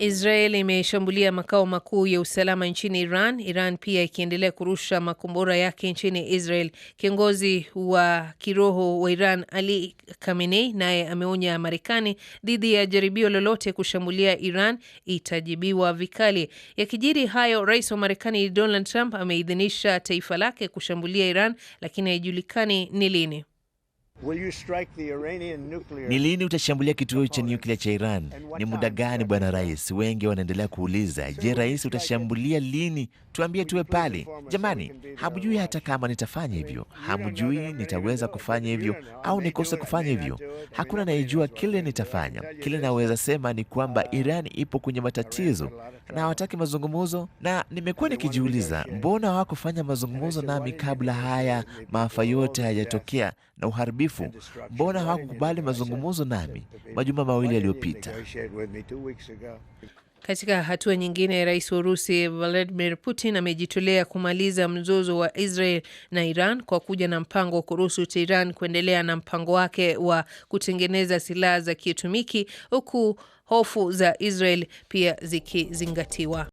Israel imeshambulia makao makuu ya usalama nchini Iran, Iran pia ikiendelea kurusha makombora yake nchini Israel. Kiongozi wa kiroho wa Iran Ali Khamenei naye ameonya Marekani dhidi ya jaribio lolote kushambulia Iran itajibiwa vikali. Yakijiri hayo, rais wa Marekani Donald Trump ameidhinisha taifa lake kushambulia Iran, lakini haijulikani ni lini. Ni lini utashambulia kituo cha nyuklia cha Iran? Ni muda gani, bwana rais? Wengi wanaendelea kuuliza, je, rais utashambulia lini? Tuambie tuwe pale. Jamani, hamjui hata kama nitafanya hivyo, hamjui nitaweza kufanya hivyo au nikose kufanya hivyo. Hakuna anayejua kile nitafanya. Kile naweza sema ni kwamba uh, Iran ipo kwenye matatizo na hawataki mazungumzo, na nimekuwa nikijiuliza, mbona hawakufanya mazungumzo nami kabla haya maafa yote hayajatokea na uharibifu uharibifu. Mbona hawakukubali mazungumzo nami majuma mawili yaliyopita? Katika hatua nyingine, rais wa Urusi Vladimir Putin amejitolea kumaliza mzozo wa Israel na Iran kwa kuja na mpango wa kuruhusu Tehran kuendelea na mpango wake wa kutengeneza silaha za kietumiki, huku hofu za Israel pia zikizingatiwa.